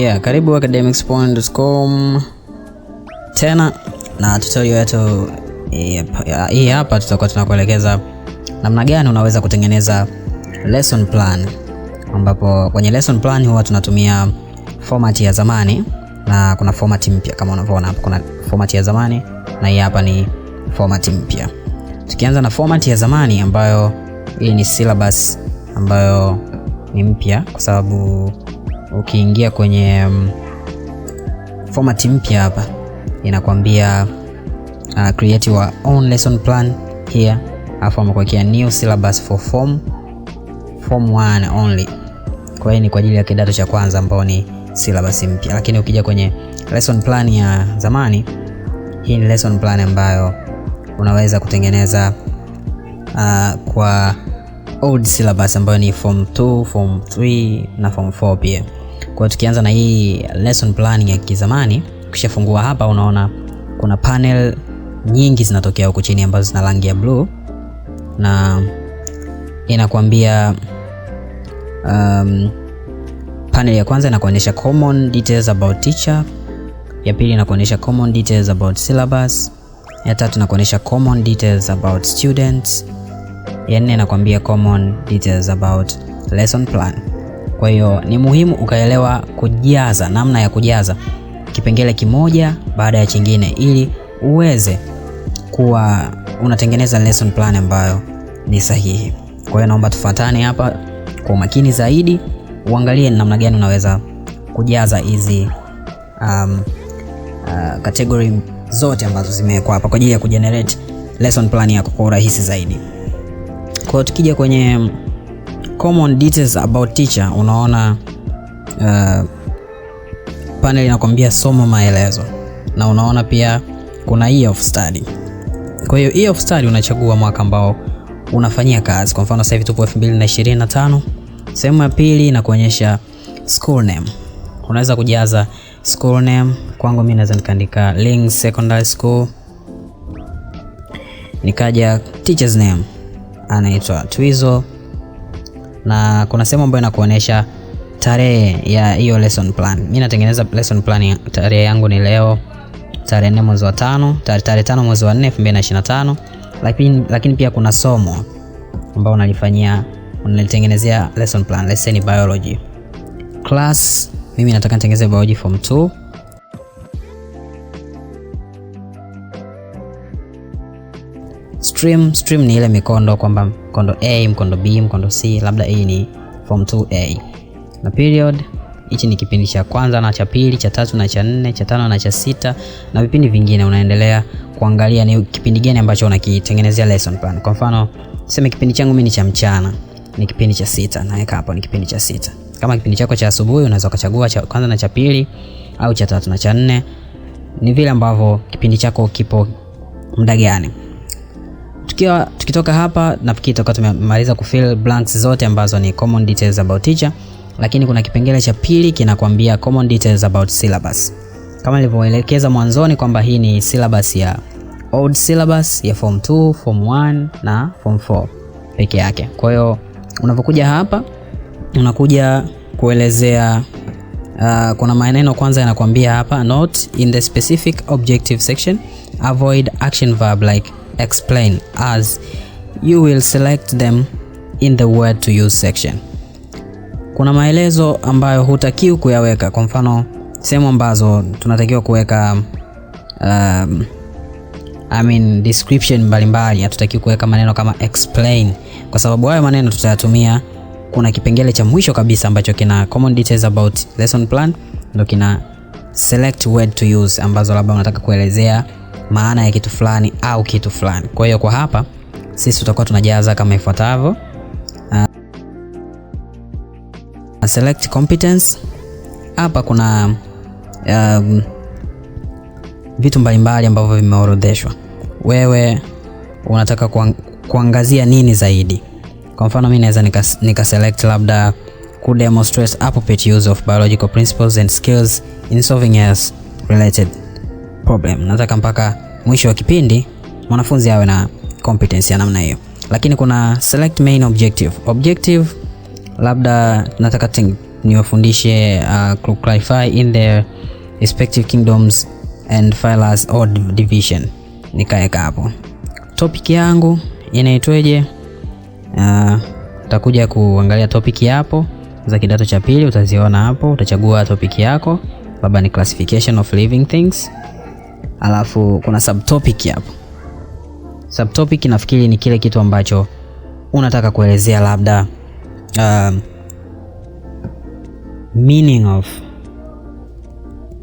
Yeah, karibu academicspoint.com tena na tutorial yetu eh, hii hapa, tutakuwa tunakuelekeza namna gani unaweza kutengeneza lesson plan, ambapo kwenye lesson plan huwa tunatumia format ya zamani na kuna format mpya kama unavyoona hapa. Kuna format ya zamani na hii hapa ni format mpya. Tukianza na format ya zamani ambayo hii ni syllabus ambayo ni mpya kwa sababu ukiingia kwenye um, format mpya hapa inakwambia uh, create your own lesson plan here, alafu amekuekea new syllabus for form form 1 only. Kwa hiyo ni kwa ajili ya kidato cha kwanza ambao ni syllabus mpya, lakini ukija kwenye lesson plan ya zamani, hii ni lesson plan ambayo unaweza kutengeneza uh, kwa old syllabus ambayo ni form 2, form 3 na form 4 pia. Kwa tukianza na hii lesson planning ya kizamani, ukishafungua hapa unaona kuna panel nyingi zinatokea huku chini ambazo zina rangi ya blue na inakuambia um, panel ya kwanza inakuonyesha common details about teacher, ya pili inakuonyesha common details about syllabus, ya tatu inakuonyesha common details about students, ya nne inakuambia common details about lesson plan. Kwa hiyo ni muhimu ukaelewa kujaza, namna ya kujaza kipengele kimoja baada ya chingine, ili uweze kuwa unatengeneza lesson plan ambayo ni sahihi. Kwa hiyo naomba tufuatane hapa kwa umakini zaidi, uangalie namna gani unaweza kujaza hizi um, uh, category zote ambazo zimewekwa hapa kwa ajili ya kujenerate lesson plan yako kwa urahisi zaidi. Kwa hiyo tukija kwenye common details about teacher, unaona uh, panel inakwambia soma maelezo, na unaona pia kuna year of study. Kwa hiyo year of study unachagua mwaka ambao unafanyia kazi. Kwa mfano sasa hivi tupo 2025. Sehemu ya pili inakuonyesha school name, unaweza kujaza school name. Kwangu mimi naweza nikaandika link Secondary School, nikaja teacher's name anaitwa Twizo na kuna sehemu ambayo inakuonyesha tarehe ya hiyo lesson plan. Mimi natengeneza lesson plan, tarehe yangu ni leo tarehe nne mwezi wa tano, tarehe tano mwezi wa nne elfu mbili na ishirini na tano. Lakini, lakini pia kuna somo ambao unalifanyia unalitengenezea lesson plan, lesson biology class. Mimi nataka nitengeneze biology form stream. Stream ni ile mikondo kwamba mkondo A, mkondo B, mkondo C, labda hii ni form 2A. Na period hichi ni kipindi cha kwanza na cha pili, cha tatu na cha nne, cha tano na cha sita na vipindi vingine unaendelea kuangalia ni kipindi gani ambacho unakitengenezea lesson plan. Kwa mfano, sema kipindi changu mimi ni cha mchana, ni kipindi cha sita, naweka hapo ni kipindi cha sita. Kama kipindi chako cha asubuhi unaweza kuchagua cha kwanza na cha pili au cha tatu na cha nne. Ni vile ambavyo kipindi chako kipo muda gani tukiwa tukitoka hapa nafikiri tutakuwa tumemaliza kufill blanks zote ambazo ni common details about teacher, lakini kuna kipengele cha pili kinakwambia common details about syllabus. Kama nilivyoelekeza mwanzoni kwamba hii ni syllabus ya old syllabus ya form 2, form 1 na form 4 peke yake. Kwa hiyo unapokuja hapa unakuja kuelezea uh, kuna maneno kwanza yanakwambia hapa, not in the specific objective section avoid action verb like explain as you will select them in the word to use section. Kuna maelezo ambayo hutakiwi kuyaweka, kwa mfano sehemu ambazo tunatakiwa kuweka um, I mean description mbalimbali, hatutakiwi kuweka maneno kama explain, kwa sababu hayo maneno tutayatumia. Kuna kipengele cha mwisho kabisa ambacho kina common details about lesson plan, ndio kina select word to use ambazo labda unataka kuelezea maana ya kitu fulani au kitu fulani. Kwa hiyo kwa hapa sisi tutakuwa tunajaza kama ifuatavyo. Uh, select competence. Hapa kuna um, vitu mbalimbali ambavyo vimeorodheshwa. Wewe unataka kuang kuangazia nini zaidi? Kwa mfano mimi naweza nikaselect nika labda ku demonstrate appropriate use of biological principles and skills in solving as related problem. Nataka mpaka mwisho wa kipindi mwanafunzi awe na competence ya namna hiyo. Lakini kuna select main objective. Objective labda nataka ting, niwafundishe uh, clarify in their respective kingdoms and phylas or division, nikaeka hapo. Topic yangu inaitweje? Uh, utakuja kuangalia topic hapo za kidato cha pili, utaziona hapo. Utachagua topic yako, labda ni classification of living things alafu kuna subtopic hapo. Subtopic nafikiri ni kile kitu ambacho unataka kuelezea labda um, meaning of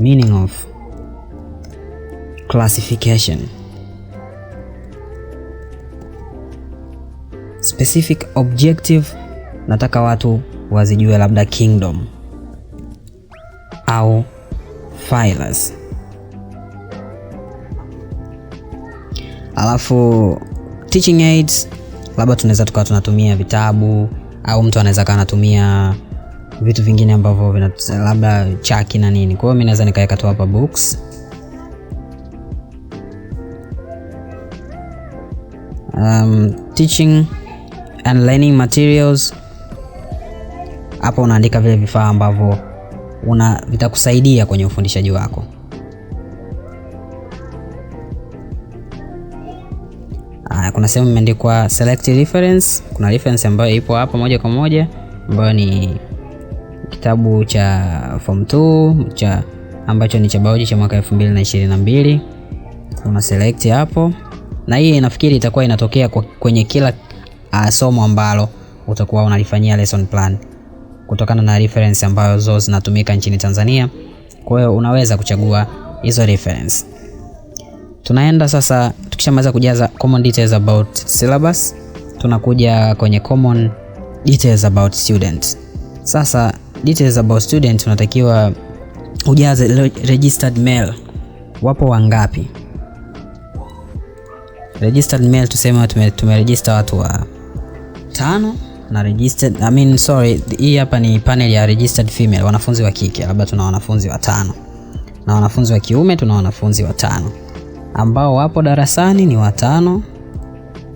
meaning of classification specific objective. Nataka watu wazijue labda kingdom au phylas Alafu teaching aids labda tunaweza tukawa tunatumia vitabu au mtu anaweza kawa anatumia vitu vingine ambavyo vina labda chaki na nini. Kwa hiyo mimi naweza nikaweka tu hapa books. Um, teaching and learning materials. Hapa unaandika vile vifaa ambavyo una vitakusaidia kwenye ufundishaji wako. kuna sehemu imeandikwa select reference. Kuna reference ambayo ipo hapa moja kwa moja ambayo ni kitabu cha form 2 cha ambacho ni cha baoji cha mwaka 2022. Una select hapo, na hii nafikiri itakuwa inatokea kwenye kila uh, somo ambalo utakuwa unalifanyia lesson plan kutokana na reference ambazo zinatumika nchini Tanzania. Kwa hiyo unaweza kuchagua hizo reference. Tunaenda sasa, tukishamaliza kujaza common details about syllabus, tunakuja kwenye common details about student. Sasa details about student unatakiwa ujaze registered male wapo wangapi? Registered male tuseme tumeregister watu wa tano na registered, I mean sorry, hii hapa ni panel ya registered female, wanafunzi wa kike, labda tuna wanafunzi watano na wanafunzi wa kiume tuna wanafunzi watano ambao wapo darasani ni watano,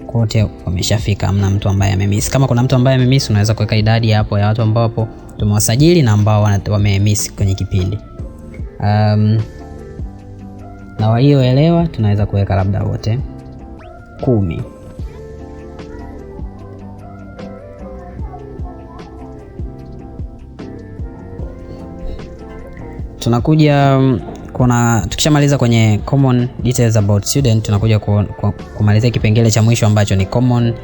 kote wameshafika, amna mtu ambaye amemiss. Kama kuna mtu ambaye amemiss, unaweza kuweka idadi hapo ya watu ambao tumewasajili na ambao wamemiss kwenye kipindi um, na walioelewa tunaweza kuweka labda wote kumi. Tunakuja um, kuna tukishamaliza kwenye common details about student, tunakuja ku, ku, kumalizia kipengele cha mwisho ambacho ni common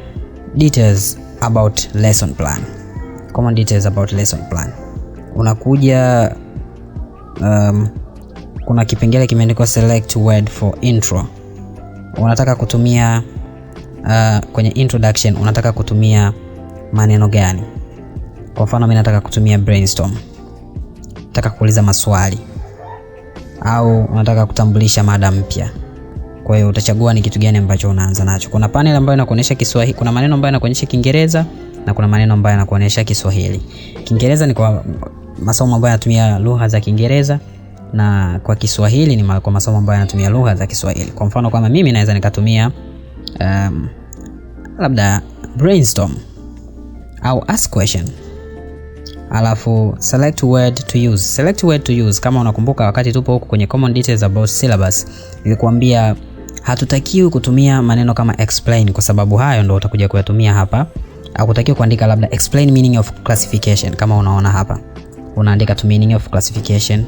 details about lesson plan. Common details about lesson plan unakuja um, kuna kipengele kimeandikwa select word for intro. Unataka kutumia uh, kwenye introduction unataka kutumia maneno gani? Kwa mfano mimi nataka kutumia brainstorm, nataka kuuliza maswali au unataka kutambulisha mada mpya. Kwa hiyo utachagua ni kitu gani ambacho unaanza nacho. Kuna panel ambayo inakuonyesha Kiswahili, kuna maneno ambayo yanakuonyesha Kiingereza na kuna maneno ambayo yanakuonyesha Kiswahili. Kiingereza ni kwa masomo ambayo yanatumia lugha za Kiingereza na kwa Kiswahili ni kwa masomo ambayo yanatumia lugha za Kiswahili. Kwa mfano kama mimi naweza nikatumia um, labda brainstorm au ask question alafu select word to use. Select word to use, kama unakumbuka wakati tupo huku kwenye common details about syllabus nilikwambia hatutakiwi kutumia maneno kama explain kwa sababu hayo ndio utakuja kuyatumia hapa. Hakutakiwi kuandika labda explain meaning of classification, kama unaona hapa unaandika tu meaning of classification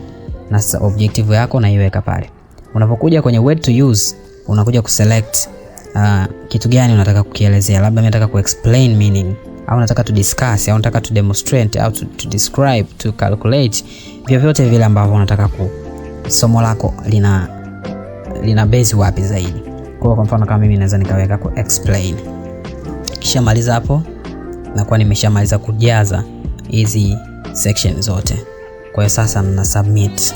na sasa objective yako naiweka pale. Unapokuja kwenye word to use, unakuja kuselect uh, kitu gani unataka kukielezea, labda mimi nataka ku explain meaning au nataka tu discuss au nataka tu demonstrate au tu, tu describe tu calculate, vyovyote vile ambavyo unataka ku somo lako lina lina base wapi zaidi. Kwa kwa mfano kama mimi naweza nikaweka ku explain, kisha maliza hapo, nakuwa nimeshamaliza kujaza hizi section zote. Kwa sasa na submit.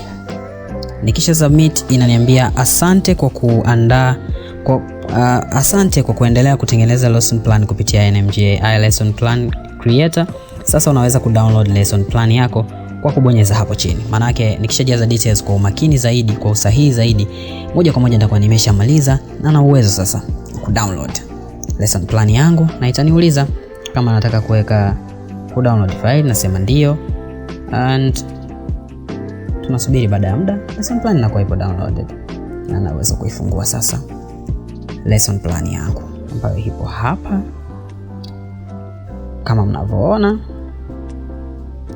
Nikisha submit inaniambia asante kwa kuandaa kwa Uh, asante kwa kuendelea kutengeneza lesson plan kupitia NMGA lesson plan creator. Sasa unaweza kudownload lesson plan yako kwa kubonyeza hapo chini. Maana yake nikishajaza details kwa umakini zaidi, kwa usahihi zaidi, moja kwa moja nitakuwa nimeshamaliza na na uwezo sasa kudownload lesson plan yangu, na itaniuliza kama nataka kuweka kudownload file, nasema ndio, and tunasubiri. Baada ya muda lesson plan inakuwa ipo downloaded na naweza kuifungua sasa lesson plan yangu ambayo ipo hapa kama mnavyoona.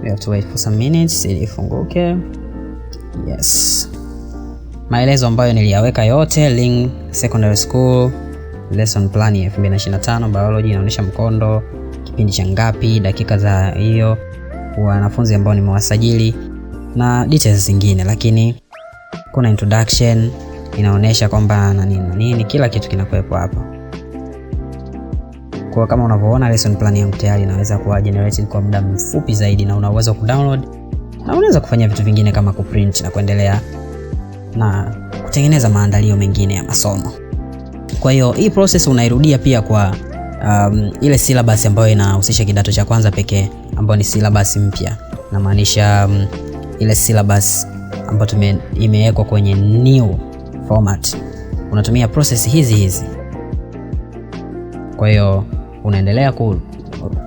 We have to wait for some minutes ili ifunguke. Yes, maelezo ambayo niliyaweka yote, Ling Secondary School lesson plan ya 2025 biology inaonyesha mkondo, kipindi cha ngapi, dakika za hiyo, wanafunzi ambao nimewasajili na details zingine, lakini kuna introduction inaonyesha kwamba na nini na nini, kila kitu kinakuwepo hapa. Kwa kama unavyoona lesson plan yangu tayari inaweza kuwa generated kwa muda mfupi zaidi, na una uwezo kudownload na unaweza kufanya vitu vingine kama kuprint na kuendelea na kutengeneza maandalio mengine ya masomo. Kwa hiyo hii process unairudia pia kwa um, ile syllabus ambayo inahusisha kidato cha kwanza pekee ambayo ni syllabus mpya, namaanisha um, ile syllabus ambayo imewekwa kwenye new format unatumia process hizi hizi. Kwa hiyo unaendelea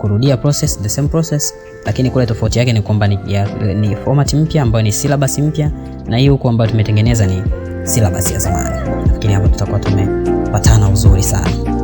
kurudia process the same process, lakini kule tofauti yake ni kwamba ni, ya, ni format mpya ambayo ni syllabus mpya, na hii huko ambayo tumetengeneza ni syllabus ya zamani. Nafikiri hapo tutakuwa tumepatana uzuri sana.